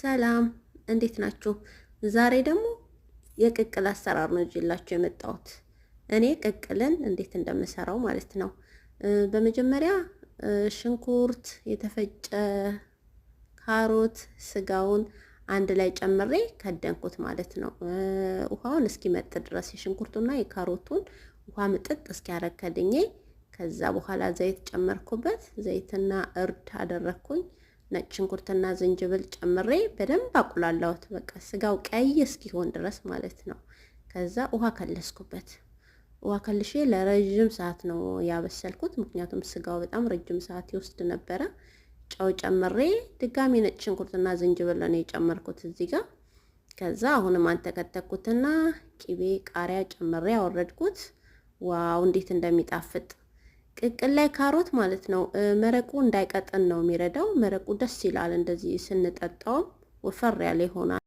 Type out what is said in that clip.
ሰላም እንዴት ናችሁ? ዛሬ ደግሞ የቅቅል አሰራር ነው ይዤላችሁ የመጣሁት። እኔ ቅቅልን እንዴት እንደምሰራው ማለት ነው። በመጀመሪያ ሽንኩርት፣ የተፈጨ ካሮት፣ ስጋውን አንድ ላይ ጨምሬ ከደንኩት ማለት ነው። ውሃውን እስኪመጥ ድረስ የሽንኩርቱና የካሮቱን ውሃ ምጥጥ እስኪያረግ ከድኜ ከዛ በኋላ ዘይት ጨመርኩበት። ዘይትና እርድ አደረግኩኝ። ነጭ ሽንኩርትና ዝንጅብል ጨምሬ በደንብ አቁላላሁት። በቃ ስጋው ቀይ እስኪሆን ድረስ ማለት ነው። ከዛ ውሃ ከለስኩበት። ውሃ ከልሼ ለረዥም ሰዓት ነው ያበሰልኩት፣ ምክንያቱም ስጋው በጣም ረጅም ሰዓት ይወስድ ነበረ። ጨው ጨምሬ ድጋሚ ነጭ ሽንኩርትና ዝንጅብል ነው የጨመርኩት እዚህ ጋር። ከዛ አሁንም አንተከተኩትና ቂቤ ቃሪያ ጨምሬ አወረድኩት። ዋው እንዴት እንደሚጣፍጥ ቅቅል ላይ ካሮት ማለት ነው። መረቁ እንዳይቀጠን ነው የሚረዳው። መረቁ ደስ ይላል እንደዚህ ስንጠጣውም ወፈር ያለ ይሆናል።